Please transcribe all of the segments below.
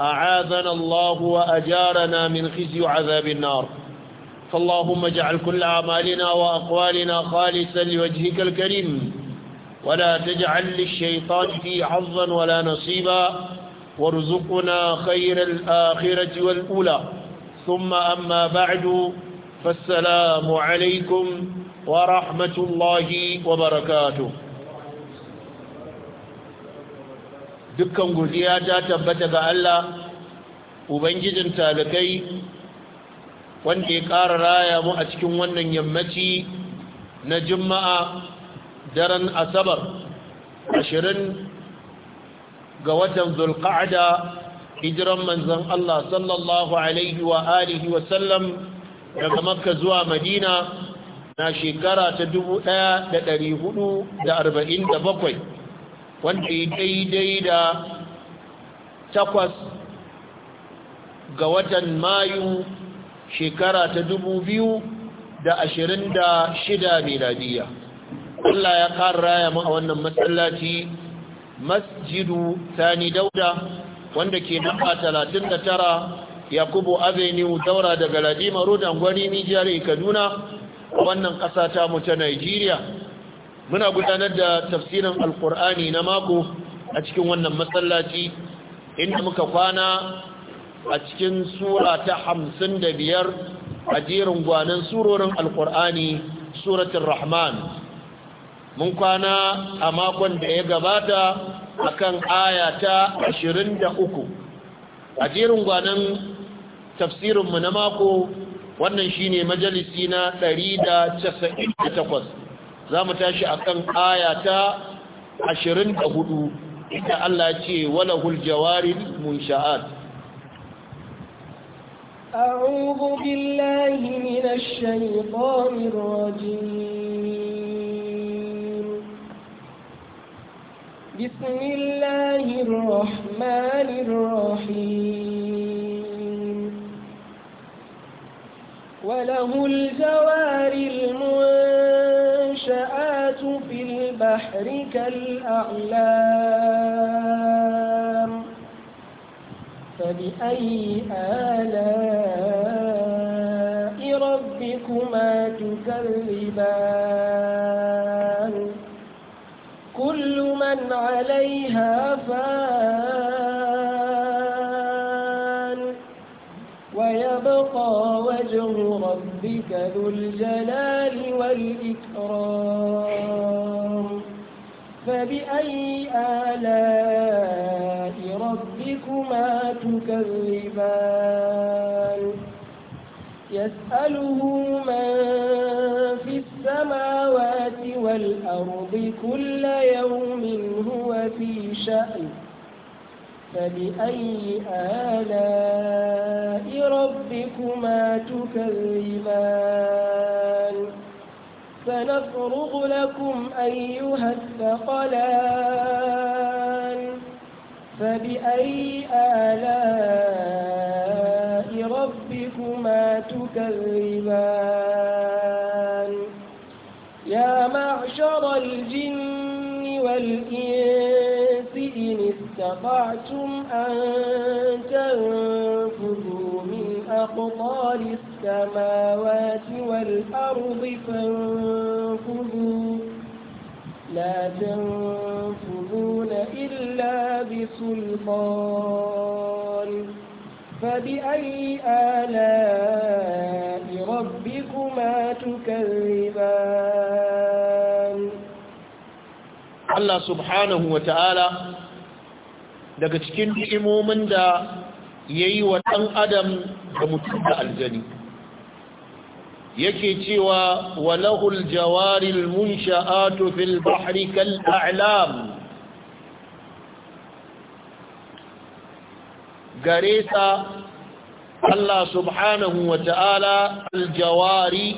أعاذنا الله وأجارنا من خزي عذاب النار فاللهم اجعل كل أعمالنا وأقوالنا خالصا لوجهك الكريم ولا تجعل للشيطان في حظا ولا نصيبا وارزقنا خير الآخرة والأولى ثم أما بعد فالسلام عليكم ورحمة الله وبركاته dukkan godiya ta tabbata ga Allah ubangijin talakai wanda ya ƙara raya mu a cikin wannan yammaci na juma'a daren asabar 20 ga watan zulqa'da hijiran manzon Allah sallallahu alaihi wa alihi wa sallam daga makka zuwa madina na shekara ta 1447 wanda ya daidai da takwas ga watan mayu shekara ta dubu biyu da ashirin da shida miladiya Allah ya kara raya ma a wannan matsalaci masjidu sani dauda wanda ke nufa talatin da tara yakubu avenue daura daga ladima road nijiyar kaduna wannan kasa ta mu ta nigeria muna gudanar da tafsirin alkur'ani na mako a cikin wannan masallaci inda muka kwana a cikin sura ta hamsin da biyar a jerin gwanon surorin alkur'ani suratun rahman mun kwana a makon da ya gabata akan ashirin da uku. a jerin gwanon tafsirinmu na mako wannan shine majalisi na da da casa'in takwas. za mu tashi a kan ayata ashirin da hudu inda Allah ce wala huljawarin munsha'ad أعوذ بالله من الشيطان الرجيم بسم الله الرحمن الرحيم وله الجوار بِبَحْرِكَ الْأَعْلَامِ فبأي آلاء ربكما تكذبان كل من عليها فان ويبقى وجه ربك ذو الجلال والإكرام فبأي آلاء ربكما تكذبان يسأله من في السماوات والأرض كل يوم هو في شأن فبأي آلاء ربكما تكذبان سنفرغ لكم أيها الثقلان فبأي آلاء ربكما تكذبان يا معشر الجن والإنس إن استطعتم أن تنفذوا من أقطار السماء السماوات والأرض فانفذوا لا تنفذون إلا بسلطان فبأي آلاء ربكما تكذبان الله سبحانه وتعالى daga cikin ni'imomin da ya yi wa ɗan adam da mutum da aljani yake cewa walahul jawaril munsha'atu fil bahri kal a'lam gare sa Allah subhanahu wa ta'ala aljawari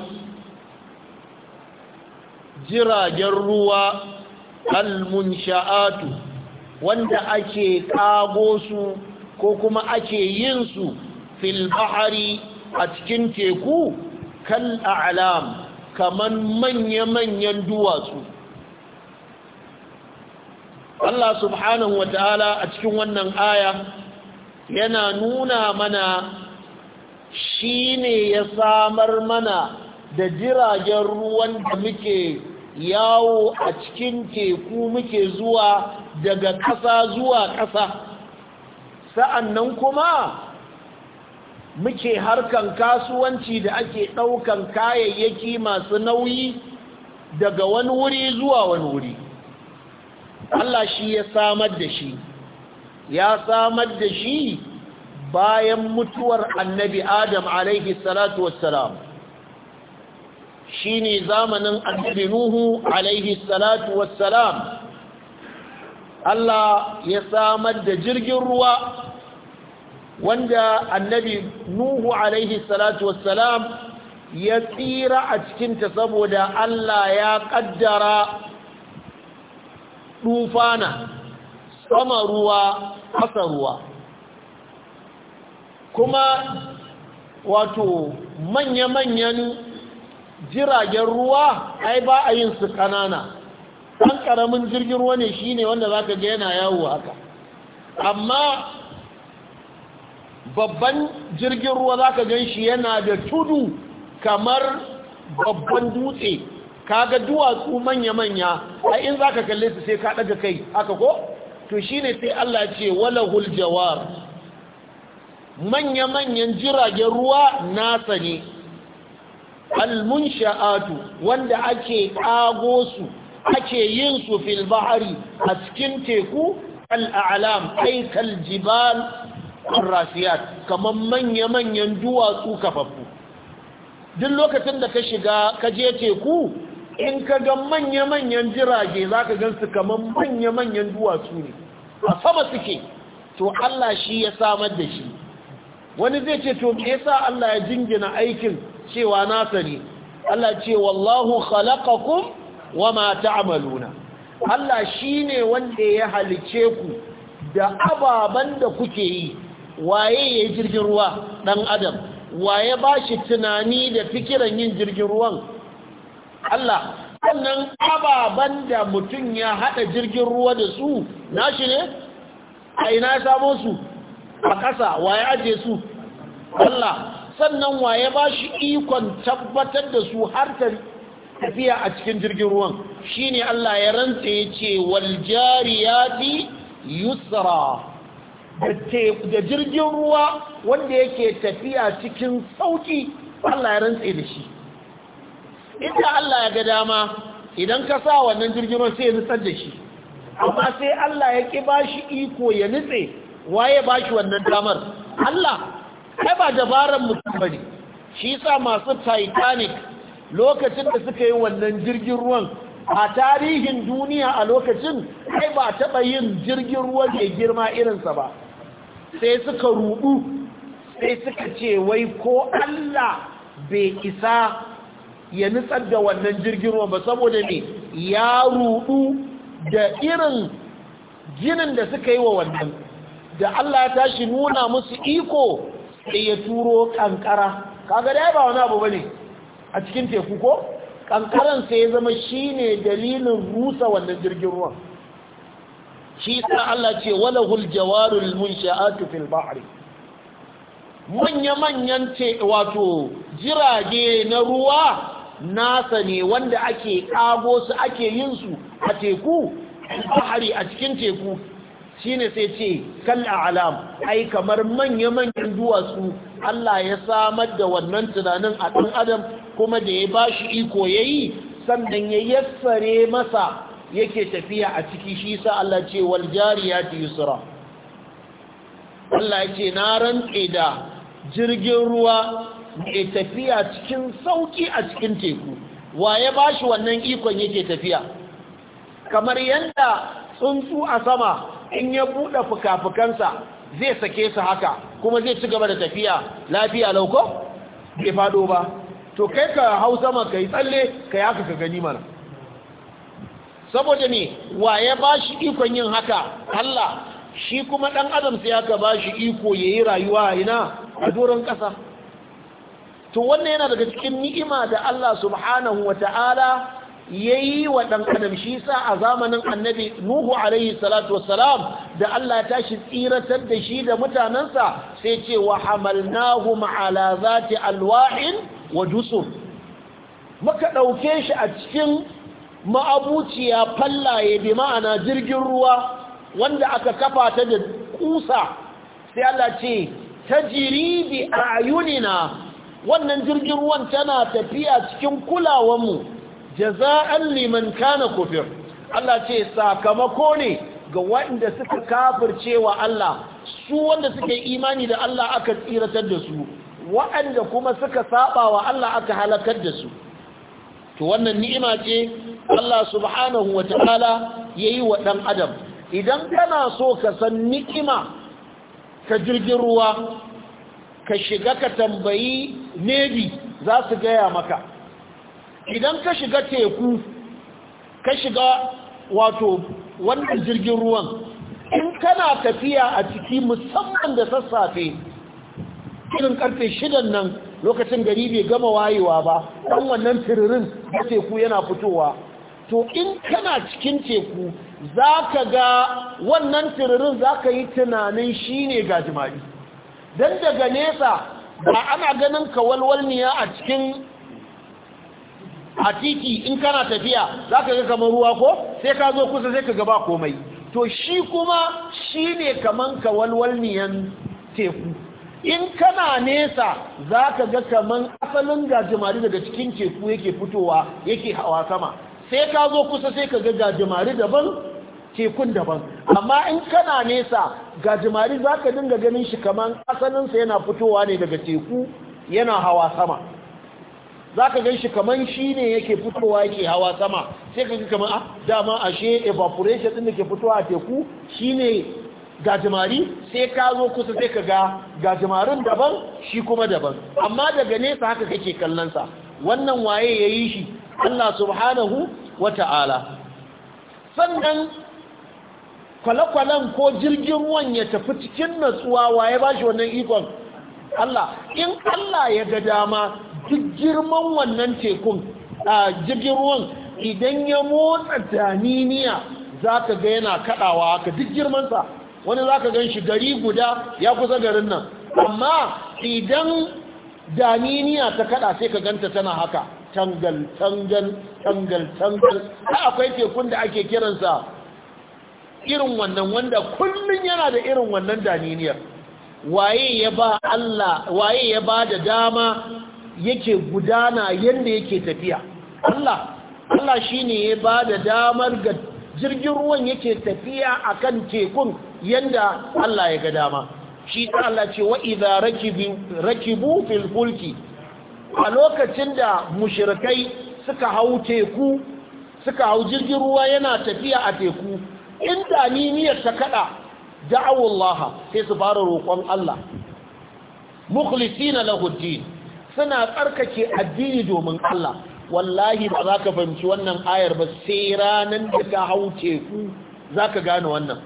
jiragen ruwa almunsha'atu wanda ake kago su ko kuma ake yin su fil bahari a cikin teku kal a'lam kaman manya-manyan duwatsu Allah subhanahu wa ta'ala a cikin wannan aya yana nuna mana shi ne ya samar mana da jiragen ruwan da muke yawo a cikin teku muke zuwa daga ƙasa zuwa ƙasa sa'annan kuma muke harkan kasuwanci da ake ɗaukan kayayyaki masu nauyi daga wani wuri zuwa wani wuri Allah shi ya samar da shi ya samar da shi bayan mutuwar annabi Adam alaihi salatu wassalam shi ne zamanin annabi Nuhu alaihi salatu wassalam Allah ya samar da jirgin ruwa wanda annabi nuhu alaihi salatu wassalam ya tsira a cikinta saboda Allah ya kaddara dufana sama ruwa ƙasa ruwa kuma wato manya-manyan jiragen ruwa ai ba a yin su ƙanana ɗan ƙaramin jirgin ruwa ne shine wanda za ka ga yana yawo haka amma babban jirgin ruwa za ka gan shi yana da tudu kamar babban dutse kaga duwatsu manya-manya a in za ka kalle su sai ka daga kai aka ko? to shi ne sai Allah ce wala huljawar manya-manyan jiragen ruwa nasa ne almun sha'atu wanda ake ƙago su ake yin su fil bahari a cikin teku al'alam aikal jibal rasiyat kamar manya-manyan duwatsu kafaffu duk lokacin da ka shiga kaje teku in ka ga manya-manyan jirage za ka gansu kamar manya-manyan duwatsu ne a sama suke to Allah shi ya samar da shi wani zai ce to me yasa Allah ya jingina aikin cewa nasa ne Allah ce wallahu khalaqakum wama ta'maluna Allah shine wanda ya halice ku da ababan da kuke yi waye ya yi jirgin ruwa ɗan adam waye ba shi tunani da fikiran yin jirgin ruwan Allah sannan ababen da mutum ya haɗa jirgin ruwa da su nashi ne a ina samo su a ƙasa waye aje su Allah sannan waye ba shi ikon tabbatar da su har tafiya a cikin jirgin ruwan Shi ne Allah ya rantse ya ce wal fi yusra da jirgin ruwa wanda yake tafiya cikin sauki Allah ya rantse da shi inda Allah ya ga dama idan ka sa wannan jirgin ruwa sai ya nutsar da shi amma sai Allah ya ki bashi iko ya nutse waye bashi wannan damar Allah kai ba dabaran mutum bane shi yasa masu Titanic lokacin da suka yi wannan jirgin ruwan a tarihin duniya a lokacin kai ba taɓa yin jirgin ruwa mai girma irinsa ba sai suka rubu sai suka ce wai ko Allah bai isa ya nutsar da wannan jirgin ruwa ba saboda ne ya rubu da irin jinin da suka yi wa wannan da Allah ya tashi nuna musu iko sai ya turo kankara kaga da ba wani abu bane a cikin teku ko kankaran sai ya zama shine dalilin rusa wannan jirgin ruwan shi sa Allah ce walahul jawarul munsha'atu fil bahri manya-manyan ce wato jirage na ruwa nasa ne wanda ake kago su ake yin su a teku bahari a cikin teku shine sai ce kal a'lam ai kamar manya-manyan duwatsu Allah ya samar da wannan tunanin a dan adam kuma da ya bashi iko yayi sannan ya yassare masa yake tafiya a ciki shi sa Allah ce wal jariyati yusra Allah ce na ranƙe da jirgin ruwa mai tafiya cikin sauki a cikin teku wa waye bashi wannan ikon yake tafiya kamar yanda tsuntsu a sama in ya bude fukafukansa zai sake su haka kuma zai ci gaba da tafiya lafiya lauko bai fado ba to kai ka hau sama kai tsalle kai haka ka gani mana saboda wa ya ba shi ikon yin haka Allah shi kuma ɗan adam sai aka ba shi iko ya yi rayuwa ina a doron ƙasa to wannan yana daga cikin ni'ima da Allah subhanahu wa ta'ala ya yi wa ɗan adam shi sa a zamanin annabi nuhu alaihi salatu wassalam da Allah ya tashi tsiratar da shi da mutanensa sai ce wa hamalnahu ma'ala zati alwahin wa dusur muka ɗauke shi a cikin ma'abuciya fallaye bi ma'ana jirgin ruwa wanda aka kafa ta da kusa sai Allah ce tajiri bi ayunina wannan jirgin ruwan tana tafiya cikin kulawanmu jaza'an liman kana kufir Allah ce sakamako ne ga waɗanda suka kafirce wa Allah su wanda suka yi imani da Allah aka tsiratar da su waɗanda kuma suka saba wa Allah aka halakar da su to wannan ni'ima ce Allah subhanahu wa ta'ala yayi wa dan adam idan kana so ka san ni'ima ka jirgin ruwa ka shiga ka tambayi navy za su gaya maka idan ka shiga teku ka shiga wato wannan jirgin ruwan in kana tafiya a ciki musamman da sassafe irin karfe shidan nan lokacin gari bai gama wayewa ba ɗan wannan tiririn na teku yana fitowa to in kana cikin teku za ka ga wannan tiririn za ka yi tunanin shi ne gajimari don daga nesa ba ana ganin kawalwalniya a cikin a in kana tafiya za ka ga kamar ruwa ko sai ka zo kusa sai ka gaba komai to shi kuma shi ne kamar kawalwalniyan teku in kana nesa za ka ga kaman asalin gajimari daga cikin teku yake fitowa yake hawa sama sai ka zo kusa sai ka ga gajimari daban tekun daban amma in kana nesa gajimari za ka dinga ganin shi kaman asalinsa yana fitowa ne daga teku yana hawa sama za ka gan shi kaman shi ne yake fitowa yake hawa sama sai ka ga kaman ah, dama ashe evaporation din da ke fitowa a teku shi ne gajimari sai ka zo kusa sai ka ga gajimarin daban shi kuma daban amma daga nesa haka kake kallonsa wannan waye ya yi shi Allah subhanahu wa ta'ala sannan kwale-kwalen ko jirgin ruwan ya tafi cikin natsuwa waye ba shi wannan ikon Allah in Allah ya ga dama duk girman wannan tekun a jirgin ruwan idan ya motsa daniniya za ka ga yana kaɗawa haka duk girmansa wani za ka gan shi gari guda ya kusa garin nan amma idan daniniya ta kada sai ka ganta tana haka tangal tangal tangal tangal akwai tekun da ake kiransa irin wannan wanda kullum yana da irin wannan daniniyar waye ya ba da dama yake gudana yadda yake tafiya Allah Allah shine ya ba da damar ga jirgin ruwan yake tafiya a kan tekun yanda Allah ya ga dama shi Allah ce wa'iza rakibu fil a lokacin da mushirikai suka hau teku suka hau jirgin ruwa yana tafiya a teku inda ni ta kada da'awullaha sai su fara roƙon Allah mukhlisina na din suna tsarkake addini domin Allah wallahi ba za ka fahimci wannan ayar ba sai ranar da ka hau teku za ka gane wannan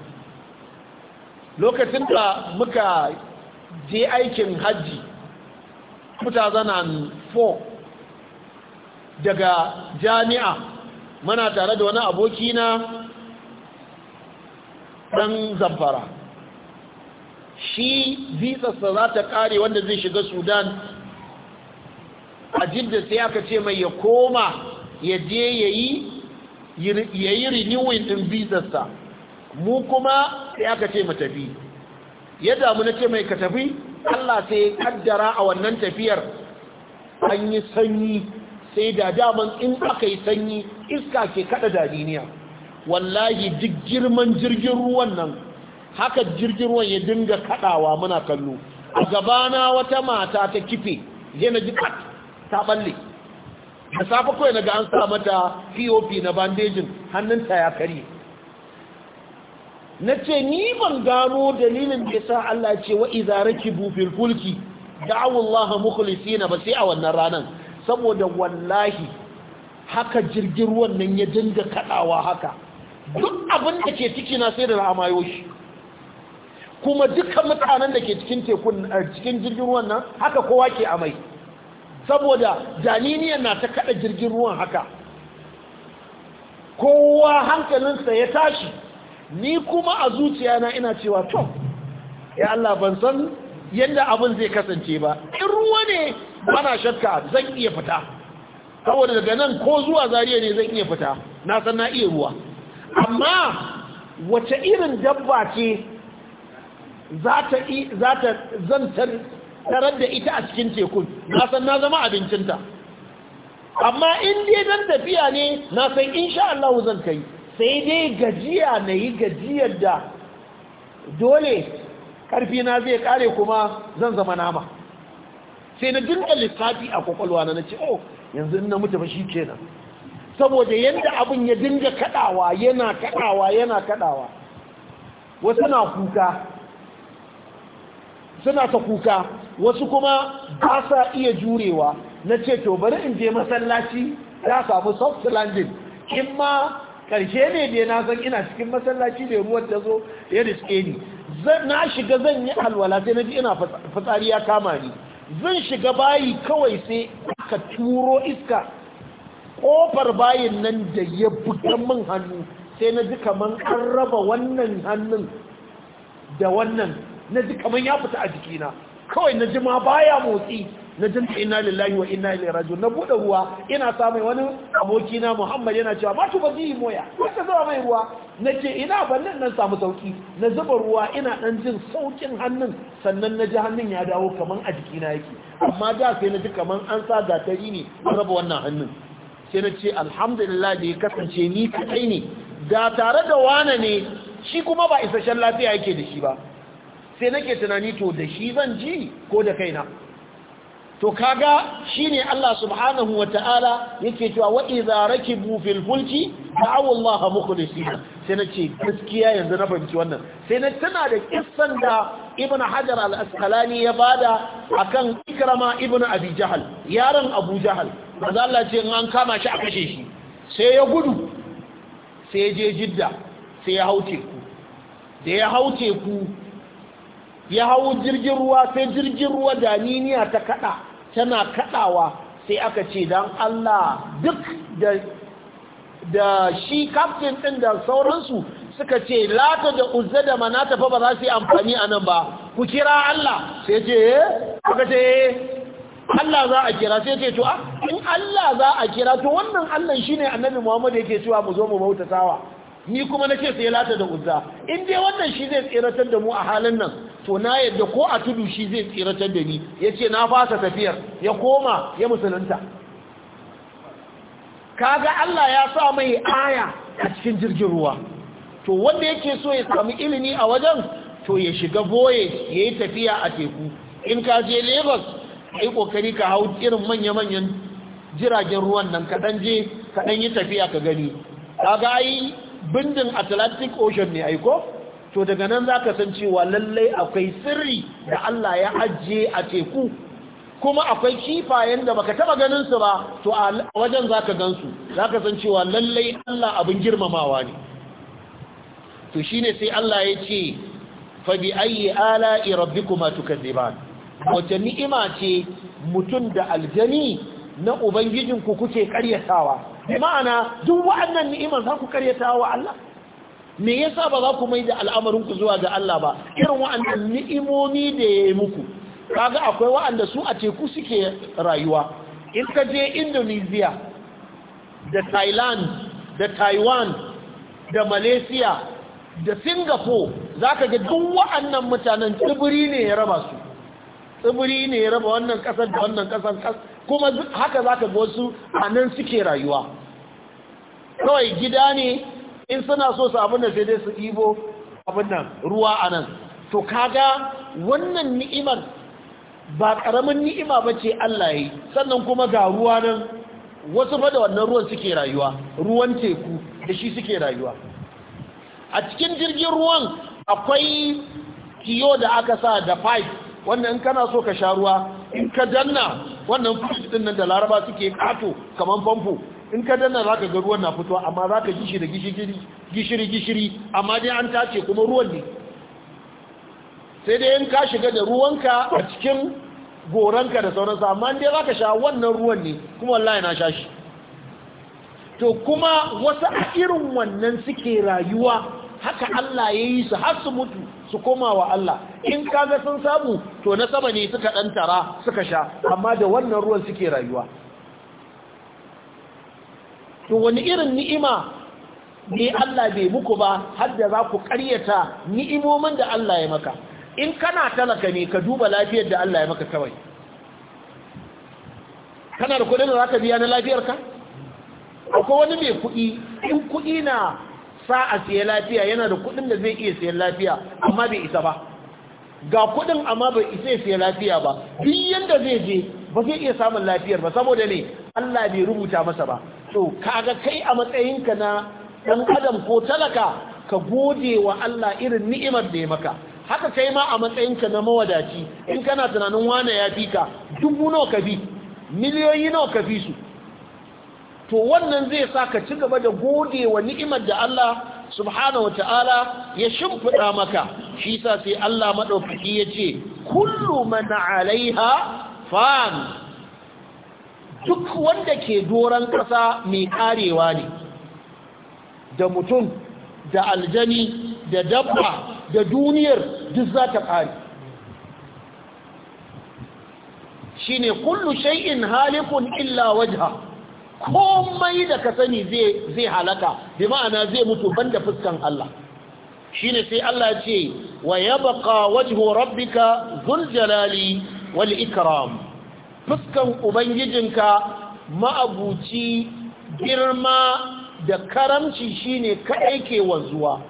lokacin da muka je aikin hajji 2004 daga jami'a mana tare da wani aboki na ɗan zamfara shi visarsa za ta ƙare wanda zai shiga sudan a jidda sai aka ce mai ya koma ya je ya yi renewin ɗin bizarsa mu kuma sai aka ce mu tafi ya damu na ce mai ka tafi Allah sai ya kaddara a wannan tafiyar an yi sanyi sai da daman in aka yi sanyi iska ke kada duniya. wallahi duk girman jirgin ruwan nan haka jirgin ruwan ya dinga kadawa muna kallo a gabana wata mata ta kife yana ji kat ta balle da safe kawai na ga an sa mata pop na bandejin ta ya karye na ce ni ban gano dalilin da sa Allah ce wa izaraki bufil fulki Laha Allah mukhlisina ba sai a wannan ranan saboda wallahi haka jirgin ruwan nan ya dinga kaɗawa haka duk abin da ke ciki na sai da ramayo shi kuma dukkan mutanen da ke cikin tekun eh, cikin jirgin ruwan nan haka kowa ke amai saboda janiniyar na ta kada jirgin ruwan haka kowa hankalinsa ya tashi ni kuma a zuciya na ina cewa to ya Allah ban san yadda abin zai kasance ba in ruwa ne bana shakka zan iya fita saboda daga nan ko zuwa zariya ne zan iya fita na san na iya ruwa amma wace irin dabba ce za ta zantar tarar da ita a cikin tekun na san na zama abincinta amma in dai zan tafiya ne na san insha Allah zan kai sai dai gajiya na yi gajiyar da dole karfi na zai kare kuma zan zama nama sai na dinka lissafi a kwakwalwa na ce oh yanzu na mutu ba shi kenan saboda yadda abin ya dinga kadawa yana kadawa yana kadawa wasu na kuka suna ta kuka wasu kuma ba sa iya jurewa na ce to bari in je masallaci ya samu soft landing in ma karshe ne da na san ina cikin masallaci da ruwan ta zo ya riske ni na shiga zan yi alwala sai na ji ina fitsari ya kama ni zan shiga bayi kawai sai ka turo iska kofar bayin nan da ya buga min hannu sai na ji kamar an raba wannan hannun da wannan na ji kamar ya fita a jikina kawai na ji baya motsi na jin ina lillahi wa ina ilaihi raji'un na buɗe ruwa ina samun wani abokina Muhammad yana cewa ba tu ba moya ko zama mai ruwa nake ina bannin nan samu sauki na zuba ruwa ina dan jin saukin hannun sannan na ji hannun ya dawo kamar a jikina yake amma da sai na ji kaman an sa gatari ne an raba wannan hannun sai na ce alhamdulillah da ya kasance ni kadai ne da tare da wane ne shi kuma ba isasshen lafiya yake da shi ba sai nake tunani to da shi zan ji ko da kaina to kaga shine Allah subhanahu wata'ala yake cewa wa idza rakibu fil fulki da'u Allah mukhlisina sai nace gaskiya yanzu na fahimci wannan sai na tana da kissan da Ibn Hajar al-Asqalani ya bada akan Ikrama Ibn Abi Jahl yaron Abu Jahl manzo Allah ce in an kama shi a kashe shi sai ya gudu sai ya je Jidda sai ya haute ku da ya hau teku ya hau jirgin ruwa sai jirgin ruwa daniniya ta kada tana kadawa sai aka ce dan Allah duk da da shi captain din da sauransu suka ce lata da uzza da manata fa ba za su yi amfani a nan ba ku kira Allah sai ce kuka eh? ce eh, Allah za a kira sai ce to ah, in Allah za a kira to wannan Allah shine annabi Muhammad yake cewa mu zo mu bautatawa ni kuma na ce sai lata da uzza in dai wannan shi zai tsiratar da mu a halin nan to na yadda ko a tudu shi zai tsiratar da ni ya ce na fasa tafiyar ya koma ya musulunta kaga Allah ya sa mai aya a cikin jirgin ruwa to wanda yake so ya samu ilimi a wajen to ya shiga boye ya yi tafiya a teku in ka je lagos ai kokari ka hau irin manya-manyan jiragen ruwan nan kaɗan je kaɗan yi tafiya ka gani kaga ai bindin atlantic ocean ne aiko to daga nan za ka san cewa lallai akwai sirri da allah ya ajiye a teku kuma akwai kifayen da baka taba ganin su ba to a wajen zaka gansu zaka san cewa lallai Allah abin girmamawa ne to shine sai Allah ya ce fa bi ayyi ala'i rabbikuma tukadziban wace ni'ima ce mutum da aljani na ubangijinku kuke karyatawa bi ma'ana duk wa'annan ni'imar za ku karyata wa Allah me yasa ba za ku mai da al'amarin ku zuwa ga Allah ba irin wa'annan ni'imomi da ya yi muku kaga akwai wa'anda su a teku suke rayuwa in ka je Indonesia da Thailand da Taiwan da Malaysia da Singapore zaka ga duk wa'annan mutanen tsibiri ne ya raba su tsibiri ne ya raba wannan kasar da wannan kasar kuma haka za ka wasu a nan suke rayuwa kawai gida ne in suna so su abin da sai dai su ibo abin nan ruwa a nan to kaga wannan ni'imar ba ƙaramin ni'ima ba ce Allah yi sannan kuma ga ruwa nan wasu fa da wannan ruwan suke rayuwa ruwan teku da shi suke rayuwa a cikin jirgin ruwan akwai kiyo da aka sa da pipe wanda in kana so ka sha ruwa in ka danna wannan fridge din nan da laraba suke kato kaman famfo in ka danna zaka ga ruwan na fitowa amma zaka ji shi da gishiri gishiri amma dai an tace kuma ruwan ne sai dai in ka shiga da ruwanka a cikin goranka da sauransa amma dai zaka sha wannan ruwan ne kuma wallahi na sha shi to kuma wasu irin wannan suke rayuwa haka Allah ya yi su har su mutu su koma wa Allah in kaga sun samu to na sama ne suka dan tara suka sha amma da wannan ruwan suke rayuwa to wani irin ni'ima ne Allah bai muku ba har da za ku ƙaryata ni'imomin da Allah ya maka in kana talaka ne ka duba lafiyar da Allah ya maka kawai kana da kudin da za ka biya na lafiyarka akwai wani mai kuɗi in kuɗi na sa'a sai lafiya yana da kudin da zai iya siyan lafiya amma bai isa ba ga kudin amma bai isa ya lafiya ba duk yanda zai je ba zai iya samun lafiyar ba saboda ne Allah bai rubuta masa ba to kaga kai a matsayinka na dan adam ko talaka ka gode wa Allah irin ni'imar da ya maka haka kai ma a matsayinka na mawadaci in kana tunanin wane ya fi ka dubu nawa ka bi miliyoyi nawa ka fi su to wannan zai sa ka ci gaba da gode wa ni'imar da Allah subhanahu wata'ala ya shimfiɗa maka shi sa sai Allah maɗaukaki ya ce kullu man alaiha fan duk wanda ke doron ƙasa mai ƙarewa ne da mutum da aljani da dabba da duniyar duk za ta ƙare shi ne kullu shai'in halikun illa wajha komai da ka sani zai halaka bi ma'ana zai mutu banda fuskan Allah shine sai Allah ce wa yabqa wajhu rabbika dhul jalali wal ikram fuskan ubangijinka ma'abuci girma da karamci shine kadai ke wanzuwa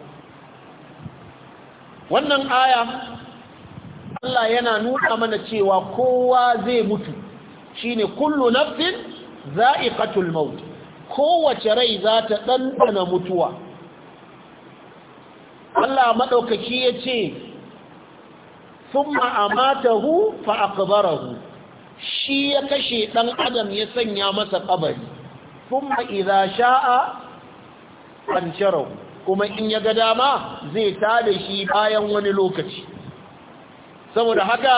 wannan aya Allah yana nuna mana cewa kowa zai mutu shine kullu nafsin za'iqatul maut kowace rai za ta dandana mutuwa Allah madaukaki ya ce thumma amatahu fa aqbarahu shi ya kashe ɗan adam ya sanya masa ƙabari thumma idza sha'a ansharahu kuma in ya ga dama zai tada shi bayan wani lokaci saboda haka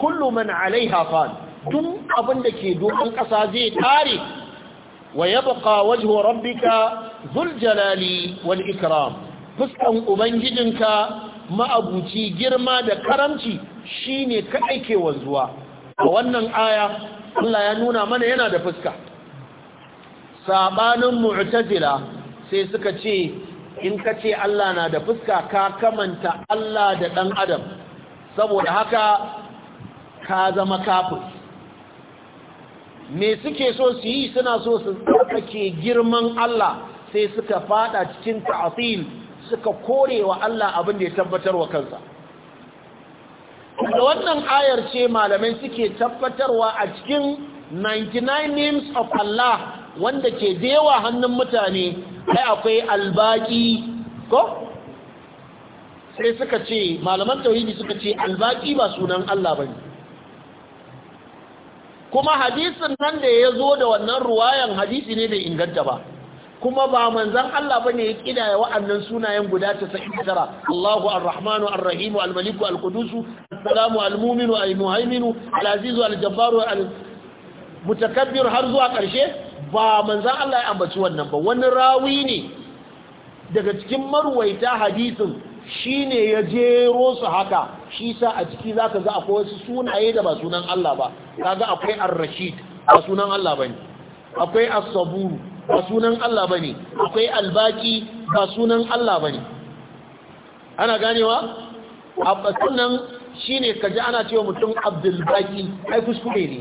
kullu man alaiha fan duk abin da ke dokan ƙasa zai tare wa yabqa wajen rabbika dhul wal ikram fuskan ubangijinka ma'abuci girma da karamci ne kadai ke wanzuwa a wannan aya Allah ya nuna mana yana da fuska saɓanin mu'tazila sai suka ce in ka ce Allah na da fuska ka kamanta Allah da ɗan adam saboda haka ka zama kafin. me suke so su yi suna so su tsarkake girman Allah sai suka fada cikin ta'atil suka wa Allah abin da ya tabbatar wa kansa wannan ayar ce malamai suke tabbatarwa a cikin 99 names of Allah wanda ke dewa hannun mutane kai akwai albaki ko sai suka ce malaman tauhidi suka ce albaki ba sunan Allah bane kuma hadisin nan da ya zo da wannan ruwayan hadisi ne bai inganta ba kuma ba manzan Allah bane ya kidaya wa'annan sunayen guda 99 Allahu Ar-Rahmanu ar rahimu al maliku al kudusu al salamu Al-Mu'minu Al-Muhaimin al azizu al jabbaru Al-Mutakabbir har zuwa ƙarshe ba manzan Allah ya ambaci wannan ba wani rawi ne daga cikin marwaita hadisin shine ya jero su haka shi sa a ciki za ka ga akwai wasu sunaye da ba sunan Allah ba kaga akwai ar-rashid ba sunan Allah ba ne akwai as-sabur ba sunan Allah ba ne akwai al-baqi ba sunan Allah ba ne ana ganewa abba sunan shine kaji ana cewa mutum abdul baqi ai kuskure ne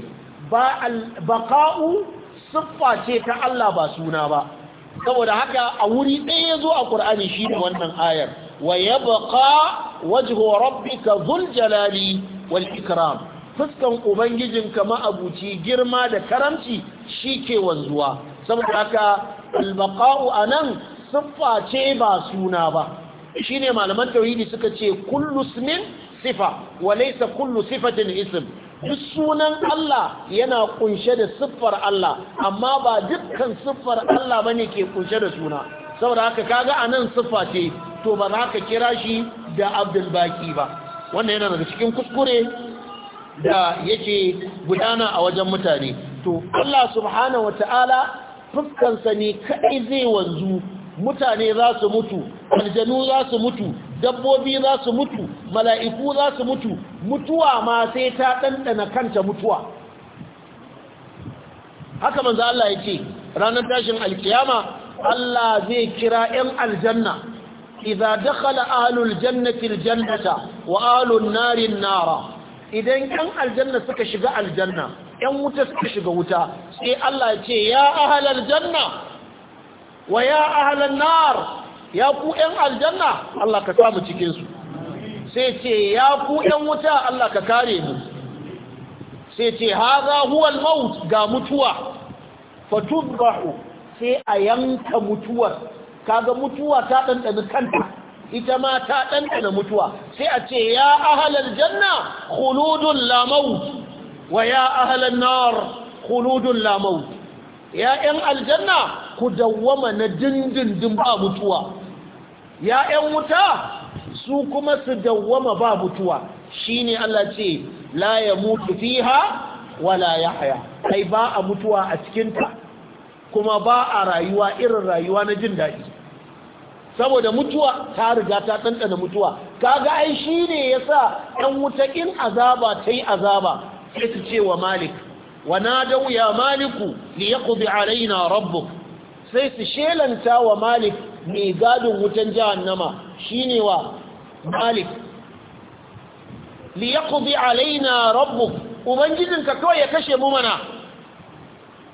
ba al-baqa'u siffa ce ta Allah ba suna ba saboda haka a wuri ɗaya zo a Qur'ani shi ne wannan ayar wa yabqa wajhu rabbika dhul jalali wal ikram fuskan ubangijinka ma'abuci girma da karamci shike wanzuwa saboda haka albaqa'u anan siffa ce ba suna ba shine malaman tauhidi suka ce kullu ismin sifa wa laysa kullu sifatin ism duk sunan Allah yana kunshe da siffar Allah amma ba dukkan siffar Allah bane ke kunshe da suna saboda haka kaga anan siffa ce to ba za ka kira shi da abdulbaki ba wannan yana daga cikin kuskure da yake gudana a wajen mutane to Allah subhanahu wata'ala fuskansa ne kai zai wanzu mutane za su mutu aljanu za su mutu dabbobi za su mutu mala'iku za su mutu mutuwa ma sai ta ɗanɗana kanta mutuwa haka manzo Allah ya ce ranar tashin alkiyama Allah zai kira ‘yan aljanna إذا دخل أهل الجنة الجنة وأهل النار النار إذا كان الجنة سكشغاء الجنة ‘yan wuta suka shiga wuta sai Allah ce ya ahalar janna wa ya ahalar nar ya ku ‘yan aljanna Allah ka samu su sai ce ya ku ‘yan wuta Allah ka kare mu sai ce haza huwal maut ga mutuwa fatubbahu sai a yanka mutuwar kaga mutuwa ta ɗanɗana kanta ita ma ta ɗanɗana mutuwa sai a ce ya ahalar janna khuludun lamau wa ya ahalar nar lamau ya ‘yan aljanna ku dawwama na dindindin ba mutuwa ya ‘yan wuta su kuma su dawwama ba mutuwa shi ne Allah ce la ya mutu fiha wala ya haya ai ba a mutuwa a cikinta kuma ba a rayuwa irin rayuwa na jin daɗi saboda mutuwa ta riga ta ɗanɗana mutuwa kaga ai shi ne ya sa ɗan wuta in azaba ta yi azaba sai su ce wa malik wa na wuya maliku li ya kubi alaina rabbu sai su shelanta wa malik mai gadin wutan jahannama shi ne wa malik li alaina rabbu ubangijinka kawai ya kashe mu mana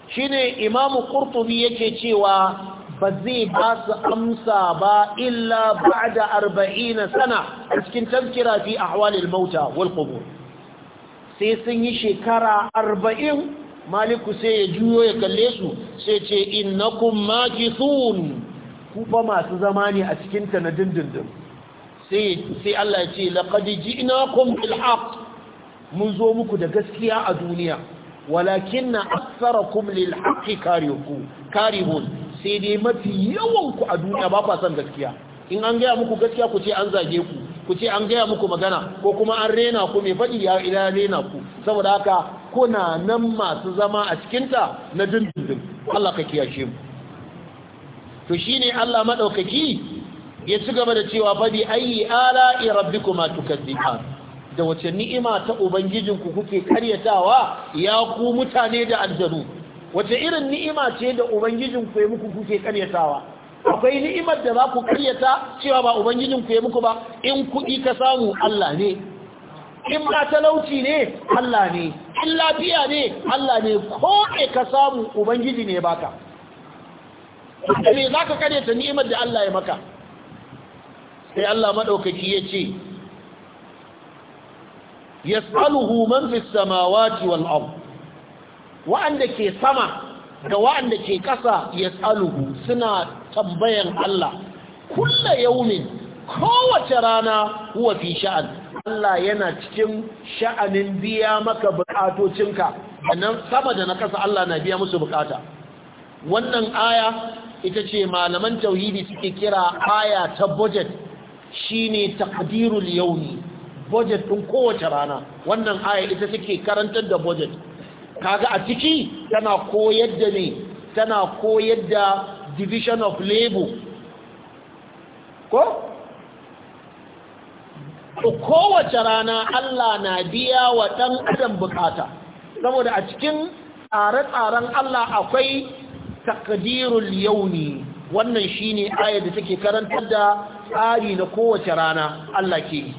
shi ne imamu ƙurtubi yake cewa ba zai ba su amsa ba illa ba'da arba'ina sana a cikin tazkira fi ahwalil mauta wal qubur sai sun yi shekara arba'in maliku sai ya juyo ya kalle su sai ce innakum makithun ku ba masu zama ne a cikin ta na dindindin sai sai Allah ya ce laqad ji'nakum bil haqq mun zo muku da gaskiya a duniya walakinna aktharakum lil kari karihun sai dai mafi yawan ku a duniya ba kwa son gaskiya in an gaya muku gaskiya ku ce an zage ku ku ce an gaya muku magana ko kuma an rena ku mai faɗi ya ila rena ku saboda haka kuna nan masu zama a cikinta na dindindin Allah ka kiyashe mu to shine Allah madaukaki ya ci gaba da cewa fadi ayi ala rabbikuma tukadziban da wace ni'ima ta ubangijinku kuke karyatawa ya ku mutane da aljanu wace irin ni'ima ce da ubangijin ku ya muku kuke karyatawa akwai ni'imar da za ku karyata cewa ba ubangijin ku ya muku ba in kuɗi ka samu Allah ne in ba talauci ne Allah ne in lafiya ne Allah ne ko ka samu ubangiji ne baka me za ka karyata ni'imar da Allah ya maka sai Allah maɗaukaki ya ce yas'aluhu man fi samawati wal ardh wa'anda ke sama ga wa'anda ke ƙasa ya tsaluhu suna tambayan Allah kulla yaumin kowace rana huwa fi sha'an Allah yana cikin sha'anin biya maka bukatocinka nan sama da na ƙasa Allah na biya musu bukata wannan aya ita ce malaman tauhidi suke kira aya ta budget shine taqdirul yawmi budget din kowace rana wannan aya ita take karantar da budget kaga a ciki tana koyar da ne tana koyar da division of labor ko kowace rana Allah na biya wa ɗan adam bukata saboda a cikin tsare-tsaren Allah akwai takdirul yauni wannan shine ayar da take karantar da tsari na kowace rana Allah ke yi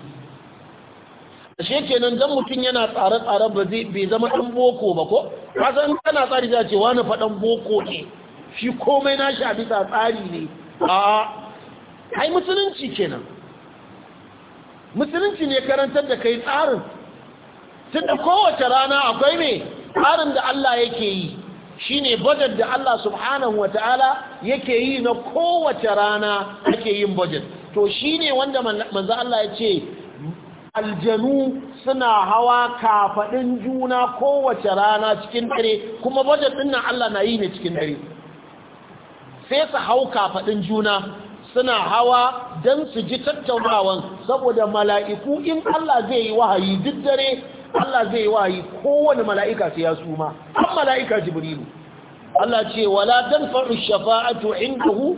ashe kenan dan mutum yana tsare-tsare ba zai bai zama ɗan boko ba ko kasan kana tsari za ce wani fa boko ne shi komai nashi a bisa tsari ne a ai musulunci kenan musulunci ne karantar da kai tsarin tunda kowace rana akwai me tsarin da Allah yake yi shine budget da Allah subhanahu wataala yake yi na kowace rana ake yin budget to shi ne wanda manzo Allah ya ce aljanu suna hawa kafaɗin juna kowace rana cikin dare kuma budget ɗin nan Allah na yi ne cikin dare sai su hau kafaɗin juna suna hawa don su ji tattaunawan saboda mala'iku in Allah zai yi wahayi duk dare Allah zai yi wahayi kowane mala'ika su ya suma an mala'ika jibrilu Allah ce wala dan faru shafa'atu indahu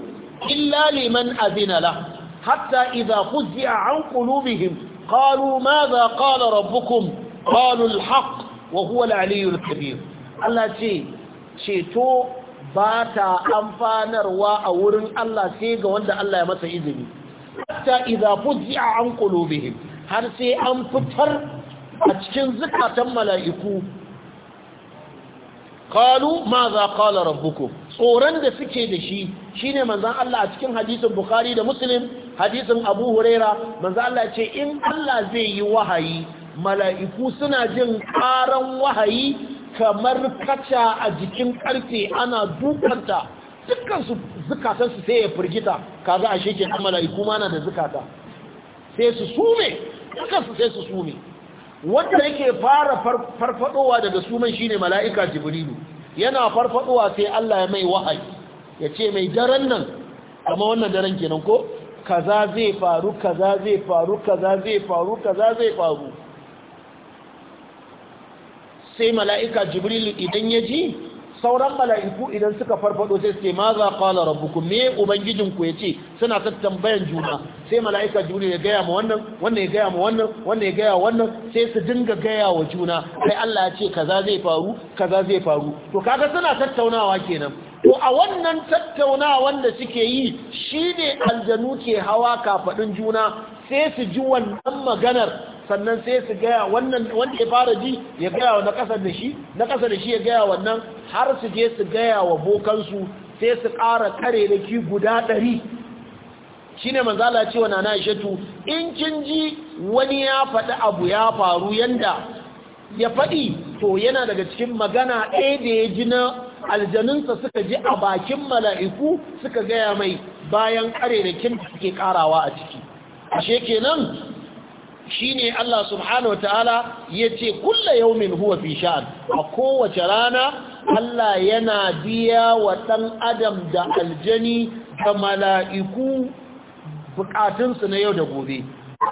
illa liman azina la hatta idza fuzia an qulubihim قالوا ماذا قال ربكم قالوا الحق وهو العلي الكبير Allah ce ceto bata amfanarwa a wurin Allah sai ga wanda Allah ya masa izini hatta idza fuzi'a an qulubihim har sai an fitar a cikin zukatan mala'iku qalu ma za qala rabbukum tsoron da suke da shi shine manzon Allah a cikin hadisin bukhari da muslim hadisin abu huraira manzon Allah ce in Allah zai yi wahayi mala'iku suna jin ƙaran wahayi kamar kaca a jikin karfe ana dukanta dukkan su zukatan su sai ya firgita kaga a shekin mala'iku ma na da zukata sai su sume dukkan sai su sume wanda yake fara farfadowa daga suman shine mala'ika jibrilu yana farfadowa sai Allah ya mai wahayi ya ce mai daren nan kama wannan daren kenan ko kaza zai faru kaza zai faru kaza zai faru kaza zai faru sai mala'ika jibrilu idan ya ji sauran mala'iku idan suka farfado sai suke ma za qala me ubangijinku ce, suna ta tambayan juna sai mala'ika juna ya gaya ma wannan wannan ya gaya ma wannan wannan ya gaya wannan sai su dinga gaya wa juna sai Allah ya ce kaza zai faru kaza zai faru to kaga suna tattaunawa kenan to a wannan tattaunawan da suke yi shine aljanu ke hawa kafadin juna sai su ji wannan maganar sannan sai su gaya wannan wanda ya fara ji ya gaya wa na ƙasa da shi na ƙasa da shi ya gaya wannan har su je su gaya wa bokansu sai su ƙara kare da ki guda ɗari shi ne manzala cewa na nana ishatu in kin ji wani ya faɗi abu ya faru yanda ya faɗi to yana daga cikin magana ɗaya da ya ji na aljanunsa suka ji a bakin mala'iku suka gaya mai bayan ƙare da kin suke ƙarawa a ciki ashe kenan shine Allah subhanahu wataala yace kullu yawmin huwa fi sha'an a kowace rana Allah yana biya wa dan adam da aljani da mala'iku bukatunsu na yau da gobe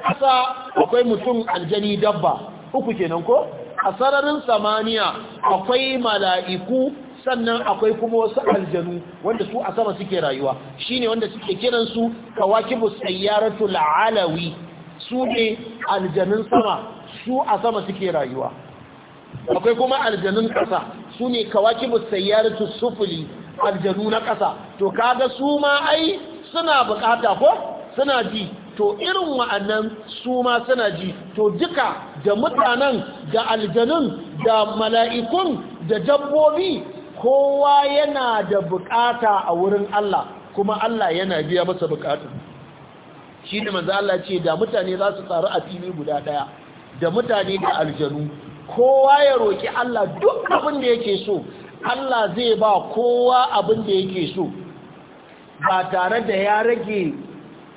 kasa akwai mutum aljani dabba uku kenan ko a sararin samaniya akwai mala'iku sannan akwai kuma wasu aljanu wanda su a sama suke rayuwa shine wanda suke kiransu kawakibus sayyaratul alawi su ne aljanun sama su a sama suke rayuwa akwai kuma aljanun ƙasa su ne kawaki su sufuli aljanu na ƙasa to kaga su ma ai suna bukata ko suna ji to irin wa'annan su ma suna ji to duka da mutanen da aljanun da mala'ikun da dabbobi kowa yana da bukata a wurin Allah kuma Allah yana biya masa bukatun shi ne manzo Allah ce da mutane za su tsaru a fili guda daya da mutane da aljanu kowa ya roki Allah duk abin da yake so Allah zai ba kowa abin da yake so ba tare da ya rage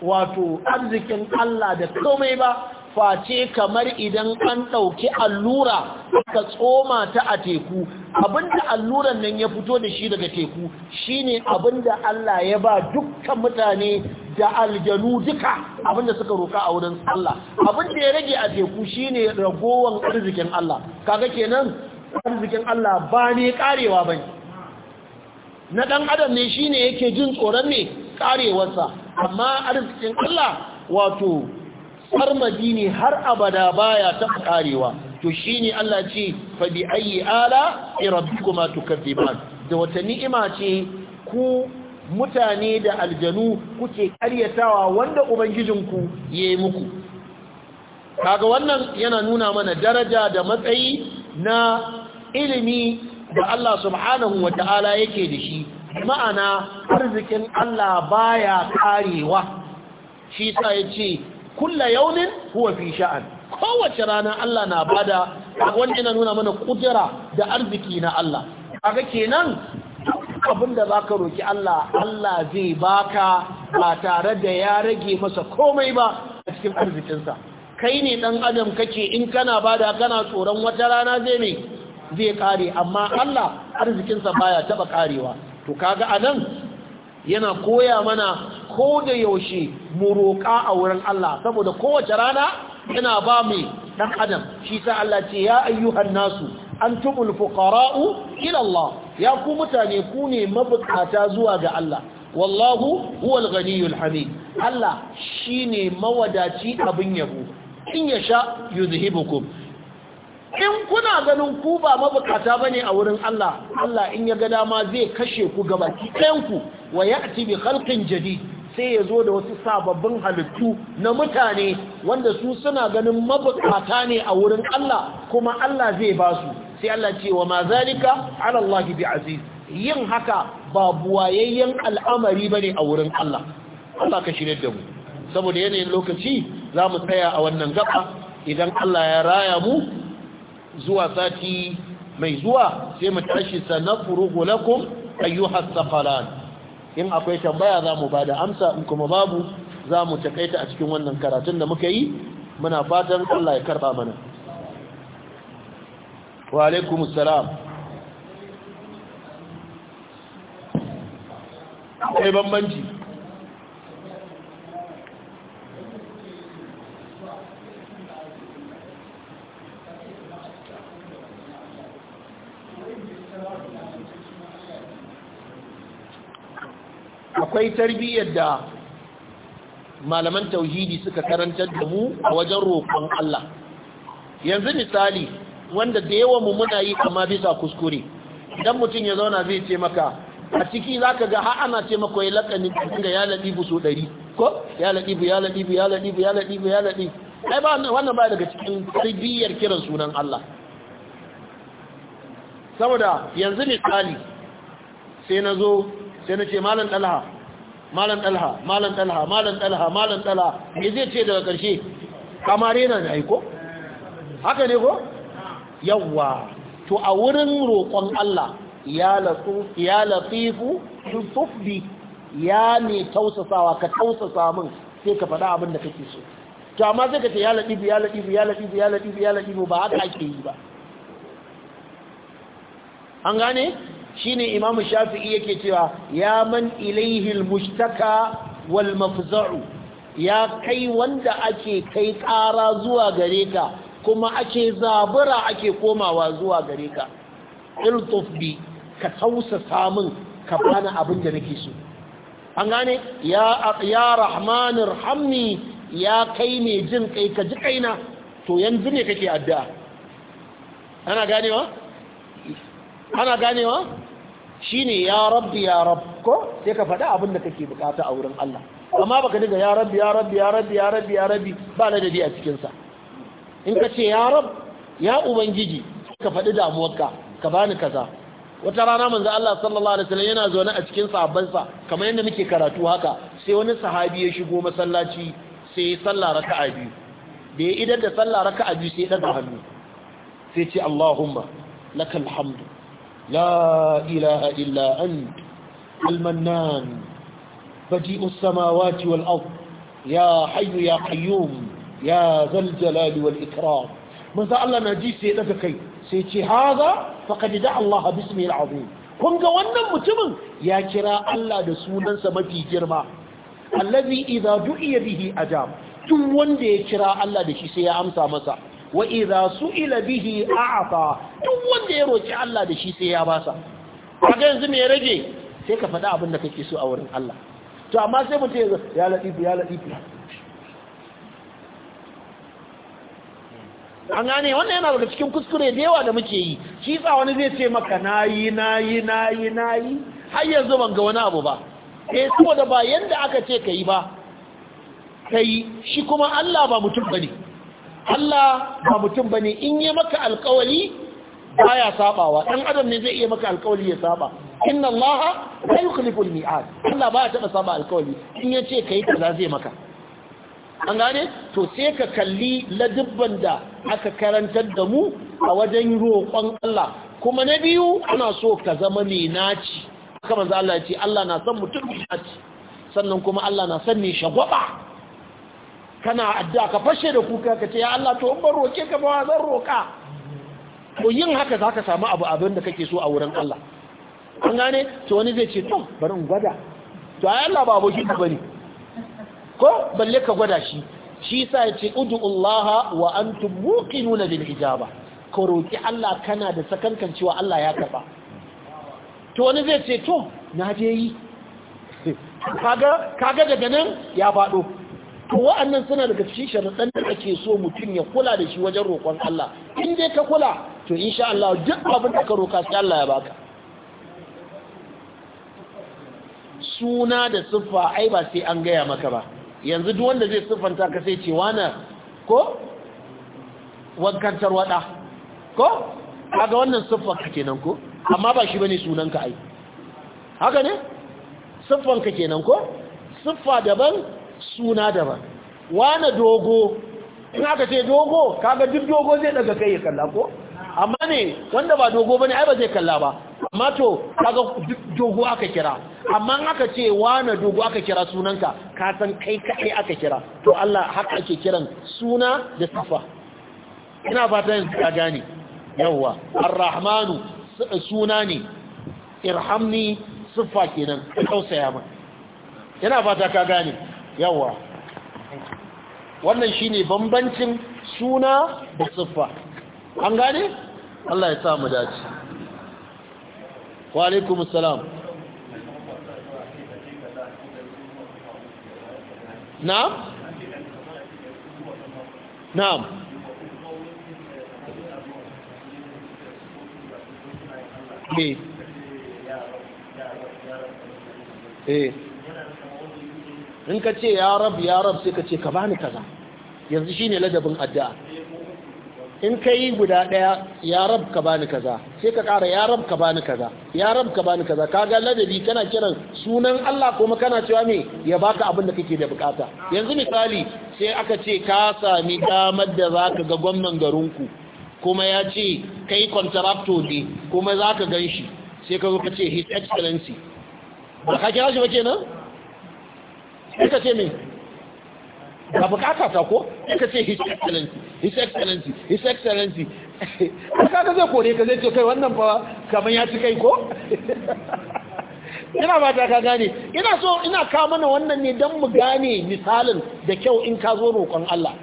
wato arzikin Allah da komai ba face kamar idan an ɗauki allura ka tsoma ta a teku abinda alluran nan ya fito da shi daga teku shine abinda Allah ya ba dukkan mutane da aljanu duka abinda suka roka a wurin Allah abinda ya rage a teku shine ragowan arzikin Allah kaga kenan arzikin Allah ba ne karewa bane na dan adam ne shine yake jin tsoron ne karewarsa amma arzikin Allah wato sarmadi ne har abada baya taɓa karewa to shine Allah ce fa bi ayi ala rabbikuma tukadiban da wata ni'ima ce ku mutane da aljanu kuke karyatawa wanda ubangijinku ya yi muku kaga wannan yana nuna mana daraja da matsayi na ilimi da Allah subhanahu wa ta'ala yake da shi ma'ana arzikin Allah baya karewa shi sa ya ce kulla yaunin huwa fi sha'an kowace rana Allah na bada wanda yana nuna mana kudura da arziki na Allah kaga kenan abin da za ka roƙi Allah Allah zai baka ba tare da ya rage masa komai ba a cikin arzikinsa kai ne ɗan adam kake in kana bada kana tsoron wata rana zai ne zai ƙare amma Allah arzikinsa baya taɓa ƙarewa to kaga anan yana koya mana ko da yaushe mu roƙa a wurin Allah saboda kowace rana yana ba mai ɗan adam shi sa Allah ce ya ayyuhan nasu An tuɓul fukara'u ilallah. ya ku mutane ku ne mabukata zuwa ga Allah wallahu huwal ghaniyul hamid Allah shine mawadaci abin yabo in ya sha yuzhibukum in kuna ganin ku ba mabukata bane a wurin Allah Allah in ya ga dama zai kashe ku gabaki ɗayan ku wa ya'ti bi khalqin jadid sai ya zo da wasu sababbin halittu na mutane wanda su suna ganin mabukata ne a wurin Allah kuma Allah zai ba su sai Allah ce wa ma zalika ala Allah bi aziz yin haka ba buwayayyen al'amari bane a wurin Allah Allah ka shirye da mu saboda yanayin lokaci za mu tsaya a wannan gaba idan Allah ya raya mu zuwa sati mai zuwa sai mu tashi sanafuru lakum ayyuhas saqalan in akwai tambaya za mu bada amsa in kuma babu za mu takaita a cikin wannan karatun da muka yi muna fatan Allah ya karba mana wa alaikum salam. akwai bambanci akwai tarbiyyar da malaman tauhidi suka karantar da mu a wajen roƙon Allah yanzu misali wanda da yawan mu muna yi amma bisa kuskure idan mutum ya zauna zai ce maka a ciki zaka ga har ana ce maka ya lakani ga ya ladibu so ɗari ko ya ladibu ya ladibu ya ladibu ya ladibu ya ladibu ai ba wannan ba daga cikin tarbiyyar kiran sunan Allah saboda yanzu tsali sai na zo sai na ce malam dalha malam dalha malam dalha malam dalha malam dalha me zai ce daga karshe kamare na ne aiko haka ne ko yawwa to a wurin roƙon Allah ya latifu sufbi ya ne tausasawa ka tausasa min sai ka faɗa abin da kake so to amma sai ka ce ya latifu ya latifu ya latifu ya latifu ya latifu ba haka ake yi ba an gane shine imamu shafi'i yake cewa ya man Ilaihil almushtaka wal mafza'u ya kai wanda ake kai ƙara zuwa gare ka kuma ake zabura ake komawa zuwa gare ka iltuf bi ka tausa samun ka bani abin da nake so an gane ya ya rahmanir hamni ya kai ne jin kai ka ji kaina to yanzu ne kake addu'a ana ganewa ana ganewa shine ya rabbi ya rabbi. ko sai ka faɗi abin da kake bukata a wurin Allah amma baka daga ya rabbi ya rabbi ya rabbi ya rabbi ya rabbi ba ladabi a cikin sa in ka ce ya rab ya ubangiji ka faɗi damuwarka ka bani kaza wata rana manzo Allah sallallahu alaihi wasallam yana zaune a cikin sahabbansa kamar yadda muke karatu haka sai wani sahabi ya shigo masallaci sai ya sallah raka'a biyu da ya idan da sallah raka'a biyu sai ya daga hannu sai ce Allahumma lakal hamdu la ilaha illa ant al-mannan badi'us samawati wal ard ya hayyu ya qayyum ya zal jalali wal ikram manzo Allah na ji sai daga kai sai ce haza faqad da Allah bismihi al azim kun ga wannan mutumin ya kira Allah da sunansa mafi girma allazi idza du'iya bihi ajab tun wanda ya kira Allah da shi sai ya amsa masa wa idza su'ila bihi a'ata tun wanda ya roki Allah da shi sai ya basa kaga yanzu me rage sai ka faɗa abin da kake so a wurin Allah to amma sai mutum ya latifu ya latifu an gane wannan yana daga cikin kuskure da yawa da muke yi shi sa wani zai ce maka nayi nayi nayi nayi har yanzu ban ga wani abu ba eh saboda ba yanda aka ce kai ba kai shi kuma Allah ba mutum bane Allah ba mutum bane in yi maka alƙawari baya sabawa dan adam ne zai iya maka alkawari ya saba inna Allah la yukhlifu al-mi'ad Allah ba ya taba saba alkawari in yace kai kaza zai maka an gane to sai ka kalli ladubban da aka karantar da mu a wajen roƙon Allah kuma na biyu ana so ka zama mai naci haka manzo Allah ya ce Allah na san mutum mai naci sannan kuma Allah na san ne shagwaba kana addu'a ka fashe da kuka ka ce ya Allah to in ban roke ka ba zan roka to yin haka zaka samu abu abin da kake so a wurin Allah an gane to wani zai ce to bari in gwada to ai Allah ba shi ba bane ko balle ka gwada shi shi sa ya ce udu'ullaha wa antum muqinuna bil hijaba. ka roki Allah kana da sakankan cewa Allah ya karba to wani zai ce to na je yi kaga kaga daga nan ya fado to wa'annan suna daga cikin sharadan da ake so mutum ya kula da shi wajen roƙon Allah in dai ka kula to insha Allah duk abin da ka roka sai Allah ya baka suna da siffa ai ba sai an gaya maka ba yanzu duk wanda zai siffanta ka sai ce wane ko wankantar wada ko kaga wannan ka kenan ko amma ba shi bane sunanka ai haka ne ka kenan ko siffa daban suna daban wane dogo in aka ce dogo kaga duk dogo zai daga kai ya kalla ko amma ne wanda ba dogo bane ai ba zai kalla ba amma to kaga dogo aka kira amma aka ce wa na dogo aka kira sunanka ka san kai kai aka kira to Allah haka ake kiran suna da sifa ina fata yanzu ka gane yawwa arrahmanu suna ne irhamni sifa kenan ka tausaya min ina fata ka gane yawwa wannan shine bambancin suna da siffa an gane Allah ya sa mu dace wa alaikum na'am na'am eh eh in ka ce ya rab ya rab sai ka ce ka bani kaza yanzu shine ladabin addu'a in ka yi guda ɗaya ya rab ka bani kaza sai ka ƙara ya rab ka bani kaza ya rab ka bani kaza ka ga ladabi kana kiran sunan Allah kuma kana cewa me ya baka abin da kake da bukata yanzu misali sai aka ce ka sami damar da zaka ga gwamnan garinku kuma ya ce kai contractor ne kuma zaka ganshi sai ka zo ka ce his excellency ba ka kira shi ba kenan sai ce me ga bukata ta ko ka ce his excellency his excellency his excellency ka zai kore ka zai ce kai wannan fa kamar ya ci kai ko ina ba ta ka gane ina so ina kawo mana wannan ne don mu gane misalin da kyau in ka zo roƙon Allah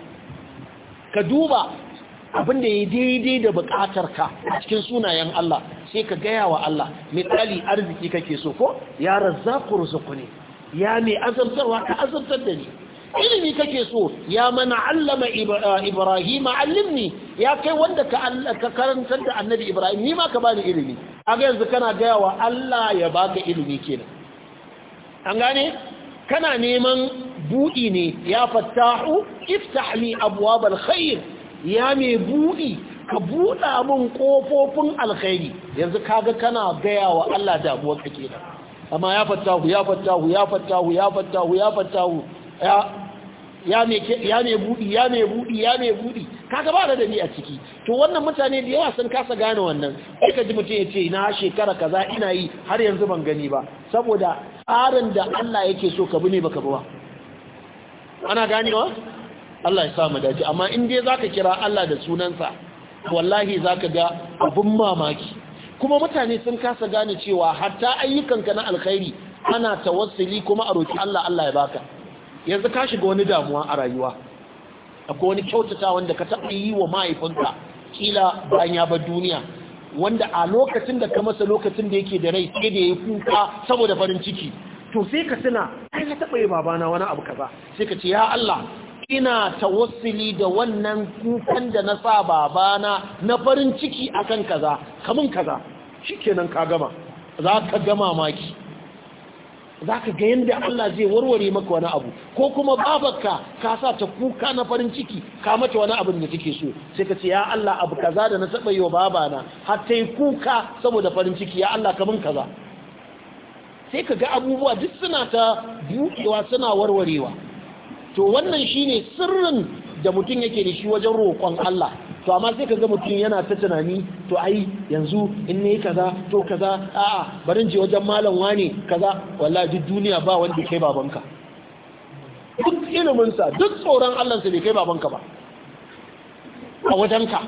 ka duba abin da ya daidai da bukatar ka a cikin sunayen Allah sai ka gaya wa Allah misali arziki kake so ko ya razzaku ruzuku ne ya mai azabtarwa ka azabtar da ni ilimi kake so ya mana allama eh, ibrahim allimni ya kai wanda ka karantar da annabi ibrahim ni ma ka bani ilimi kaga yanzu kana gaya wa Allah ya baka ilimi kenan an gane kana neman buɗi ne ya fattahu iftah li abwab alkhair ya me buɗi ka buɗa min kofofin alkhairi yanzu kaga kana gaya wa Allah da ka kenan amma ya fattahu ya fattahu ya fattahu ya fattahu ya fattahu ya mai buɗi ya mai buɗi ya mai buɗi kaga ba da dani a ciki to wannan mutane da yawa sun kasa gane wannan sai ka ji mutum ya ce na shekara kaza ina yi har yanzu ban gani ba saboda tsarin da Allah yake so ka bi ne baka bi ba ana ganewa Allah ya sa mu dace amma in dai zaka kira Allah da sunansa wallahi zaka ga abun mamaki kuma mutane sun kasa gane cewa hatta ayyukanka na alkhairi ana tawassuli kuma a roki Allah Allah ya baka yanzu ka shiga wani damuwa a rayuwa akwai wani kyautata wanda ka taɓa yi wa mahaifinka kila bayan ya bar duniya wanda a lokacin da ka masa lokacin da yake da rai sai da ya kuka saboda farin ciki to sai ka tuna ai ka taɓa yi babana wani abu kaza sai ka ce ya Allah ina tawassuli da wannan kukan da na sa babana na farin ciki akan kaza kamun kaza shikenan ka gama za ka gama maki za ka ga yadda Allah zai warware maka wani abu ko kuma babarka ka sa ta kuka na farin ciki ka mata wani abin da take so sai ka ce ya Allah abu kaza da na taɓa yi wa babana har ta yi kuka saboda farin ciki ya Allah kamun kaza sai ka ga abubuwa duk suna ta buɗewa suna warwarewa to wannan shine sirrin da mutum yake da shi wajen roƙon Allah to amma sai ka ga mutum yana ta tunani to ai yanzu in ne kaza to kaza a'a barin je wajen malam wane kaza wallahi duk duniya ba wanda kai babanka duk ilimin sa duk tsoron Allah sa bai kai babanka ba a wajenka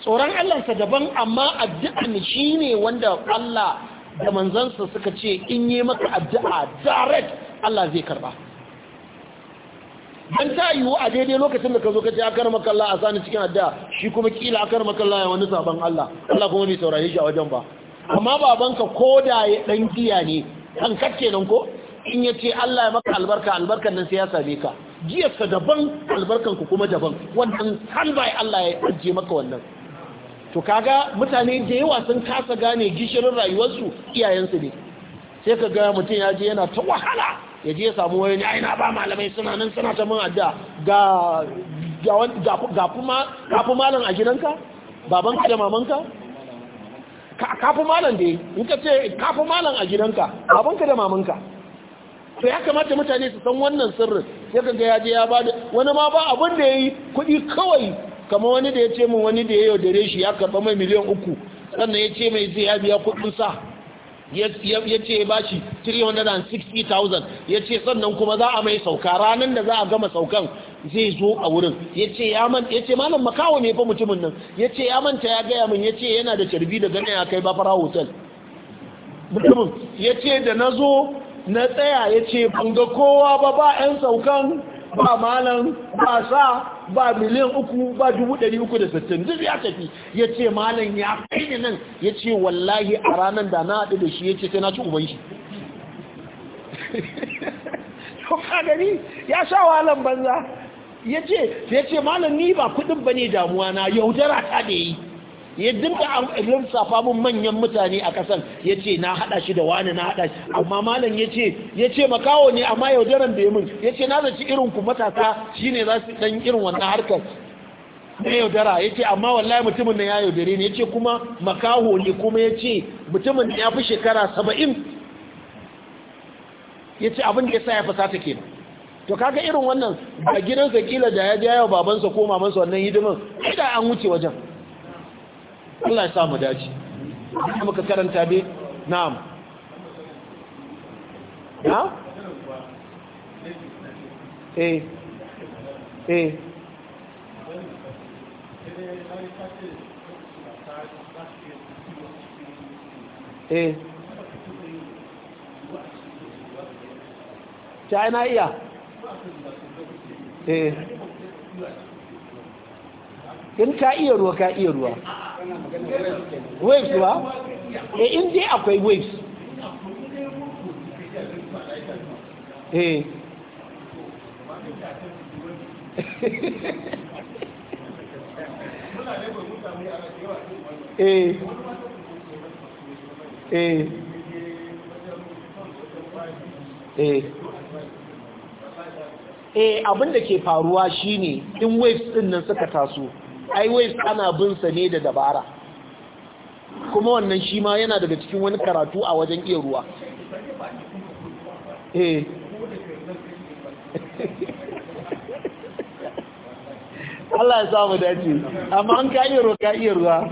tsoron Allah sa daban amma addu'an shine wanda Allah da manzansa suka ce in yi maka addu'a direct Allah zai karba don ta yiwu a daidai lokacin da ka zo ka ce akar makalla a sani cikin addu'a shi kuma kila akar makalla ya wani sabon Allah Allah kuma bai saurare shi a wajen ba amma babanka ko da ya dan giya ne kan kacce nan ko in ya ce Allah ya maka albarka albarkan nan sai ya same ka giyarsa daban albarkan ku kuma daban wannan bai Allah ya ajiye maka wannan to kaga mutane da yawa sun kasa gane gishirin rayuwarsu iyayensu ne sai ka ga mutum ya je yana ta wahala ya je ya samu wani ne aina ba malamai suna nan suna ta mun adda ga ga kuma malam a gidanka babanka da mamanka kafi malam da in ka ce kafi malam a gidanka babanka da mamanka to ya kamata mutane su san wannan sirrin ya kaga ya je ya ba da wani ma ba abin da ya yi kuɗi kawai kama wani da ya ce min wani da ya yaudare shi ya karɓa mai miliyan uku sannan ya ce mai zai ya biya kuɗin sa ya ce ba shi 360,000 ya ce sannan kuma za a mai sauka ranar da za a gama saukan zai zo a wurin ya ce malam makawo ne fa mutumin nan ya ce ya manta ya gaya min ya ce yana da carbi da gane ya kai bafara hotel mutumin ya ce da na zo na tsaya ya ce ga kowa ba ba 'yan saukan ba malam ba sa ba miliyan uku ba dubu ɗari uku da sittin duk ya tafi ya ce malam ya kai nan ya ce wallahi a ranar da na haɗu da shi ya ce sai na ci uban shi gani ya sha walan banza ya ce malam ni ba kuɗin ba ne damuwa na yaudara ta da yi ya dinga lissafa mun manyan mutane a kasan ya ce na haɗa shi da wani na haɗa shi amma malam ya ce ya ce makawo ne amma yaudaran bai mun ya ce na zaci irin ku matasa shine za su ɗan irin wannan harkar na yaudara ya ce amma wallahi mutumin na ya yaudare ne ya ce kuma makaho ne kuma ya ce mutumin ya fi shekara saba'in ya ce abin da ya sa ya fasata kenan to kaga irin wannan a gidansa kila da ya ja yawa babansa ko mamansa wannan hidimin ita an wuce wajen Allah ya samu dace da muka karanta be na'am na? eh eh eh ta ina iya eh in ka iya ruwa ka iya ruwa waves ba e in dai akwai waves eh eh eh eh eh abin ke faruwa shine in waves din nan suka taso ai wai ana bin sa ne da dabara kuma wannan shi ma yana daga cikin wani karatu a wajen iya ruwa eh Allah ya samu dace amma an ka iya ruwa ka iya ruwa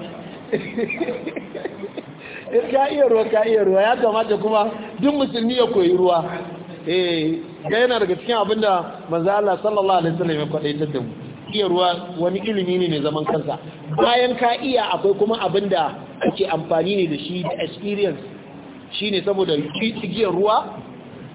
in ka iya ruwa ka iya ruwa ya kamata kuma duk musulmi ya koyi ruwa eh ga yana daga cikin abinda manzo Allah sallallahu alaihi wasallam ya kwadaitar da mu iya ruwa wani ilimi ne mai zaman kansa bayan ka iya akwai kuma abin da ake amfani ne da shi da experience shi ne saboda igiyar ruwa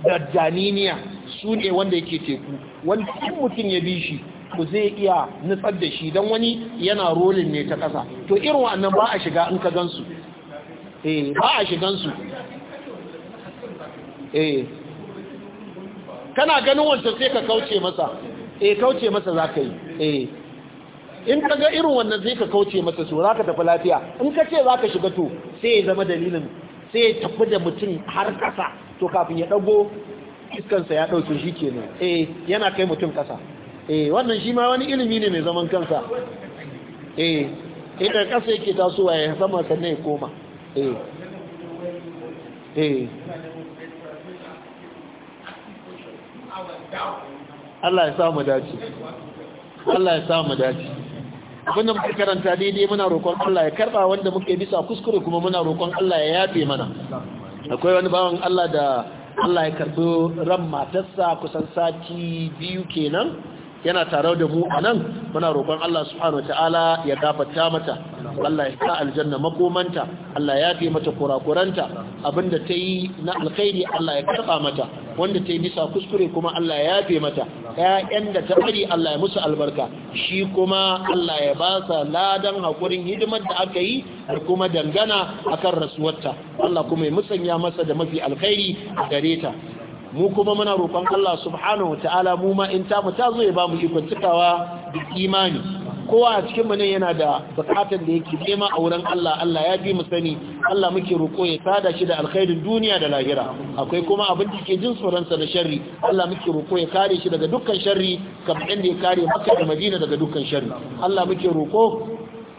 da janiniya su ne wanda yake teku Wani cikin mutum ya bi shi ku zai iya nutsar da shi don wani yana rolin ne ta ƙasa to irin wannan ba a shiga in ka gansu eh ba a shigansu eh kana ganin wancan sai ka kauce masa eh kauce masa za ka yi eh in ka ga irin wannan zai ka kauce masa su za ka tafi lafiya in ka ce za ka shiga to sai ya zama dalilin sai ya tafi da mutum har kasa to kafin ya ɗago iskansa ya ɗauke shi kenan eh yana kai mutum kasa eh wannan shi ma wani ilimi ne mai zaman kansa eh idan kasa yake tasowa ya sama sannan ya koma eh eh Allah ya sa mu dace Allah ya sa mu dace abin da muke karanta daidai muna roƙon Allah ya karba wanda muke bisa kuskure kuma muna roƙon Allah ya yafe mana akwai wani bawan Allah da Allah ya karbi ran matarsa kusan sati biyu kenan yana tare da mu a nan muna roƙon Allah subhanahu ta'ala ya gafarta mata Allah ya sa aljanna makomanta Allah ya fi mata kurakuranta abinda ta yi na alkhairi Allah ya karɓa mata wanda ta yi bisa kuskure kuma Allah ya yafe mata ƴaƴan da ta bari Allah ya musu albarka shi kuma Allah ya ba sa ladan hakurin hidimar da aka yi da kuma dangana akan rasuwarta Allah kuma ya musanya masa da mafi alkhairi a gare ta mu kuma muna roƙon Allah subhanahu ta'ala mu ma in ta mu ta zo ya ba mu ikon cikawa da imani kowa a cikin mu yana da bukatar da yake nema a wurin Allah Allah ya bi mu sani Allah muke roƙo ya sada shi da alkhairin duniya da lahira akwai kuma abin da ke jin tsoron da sharri Allah muke roƙo ya kare shi daga dukkan sharri kamar inda ya kare Makka da Madina daga dukkan sharri Allah muke roƙo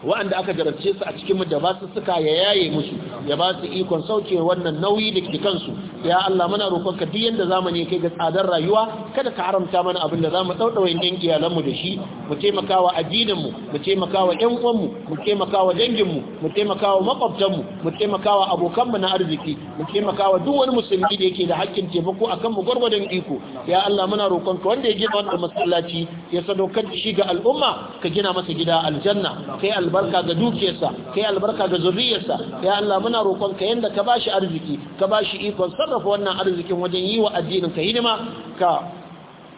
waɗanda aka jarabce su a cikin da ba su suka ya musu ya ba su ikon sauke wannan nauyi da ke kansu ya Allah muna roƙonka duk yanda zamani kai ga tsadar rayuwa kada ka haramta mana abin da zamu daudawa yan iyalan mu da shi mu taimakawa addinin mu mu taimakawa yan uwan mu mu taimakawa dangin mu mu taimakawa makwabtan mu mu taimakawa abokan mu na arziki mu taimakawa duk wani musulmi da yake da hakkin taimako akan mu gwargwadon iko ya Allah muna roƙonka wanda ya gina wannan masallaci ya sadaukar shi ga al'umma ka gina masa gida aljanna kai albarka ga dukiyarsa kai albarka ga zuriyarsa ya Allah muna roƙonka yanda ka bashi arziki ka bashi ikon sarrafa wannan arzikin wajen yi wa addininka hidima ka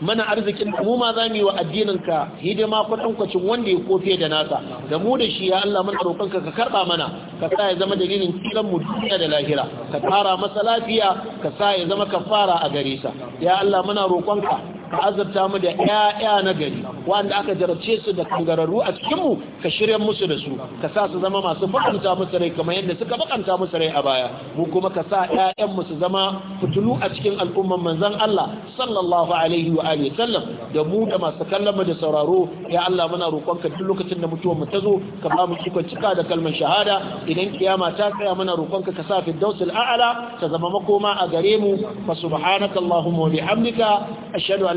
mana arzikin mu ma za mu yi wa addininka hidima kwacin wanda ya kofe da nasa da mu da shi ya Allah muna roƙonka ka karɓa mana ka sa ya zama dalilin kiran mu duniya da lahira ka tara masa lafiya ka sa ya zama kafara a gare sa ya Allah muna roƙonka ka azabta mu da ƴaƴa na gari wanda aka jarabce su da kangararru a cikin mu ka shirya musu da su ka sa su zama masu bakanta musu rai kamar yadda suka bakanta musu rai a baya mu kuma ka sa ƴaƴan mu su zama fitulu a cikin al'umman manzon Allah sallallahu alaihi wa alihi sallam da mu da masu kallon mu da sauraro ya Allah muna roƙonka duk lokacin da mutuwar mu ta zo ka ba mu cikon cika da kalman shahada idan kiyama ta tsaya muna roƙonka ka sa firdausul a'la ta zama makoma a gare mu fa subhanakallahumma wa bihamdika ashhadu an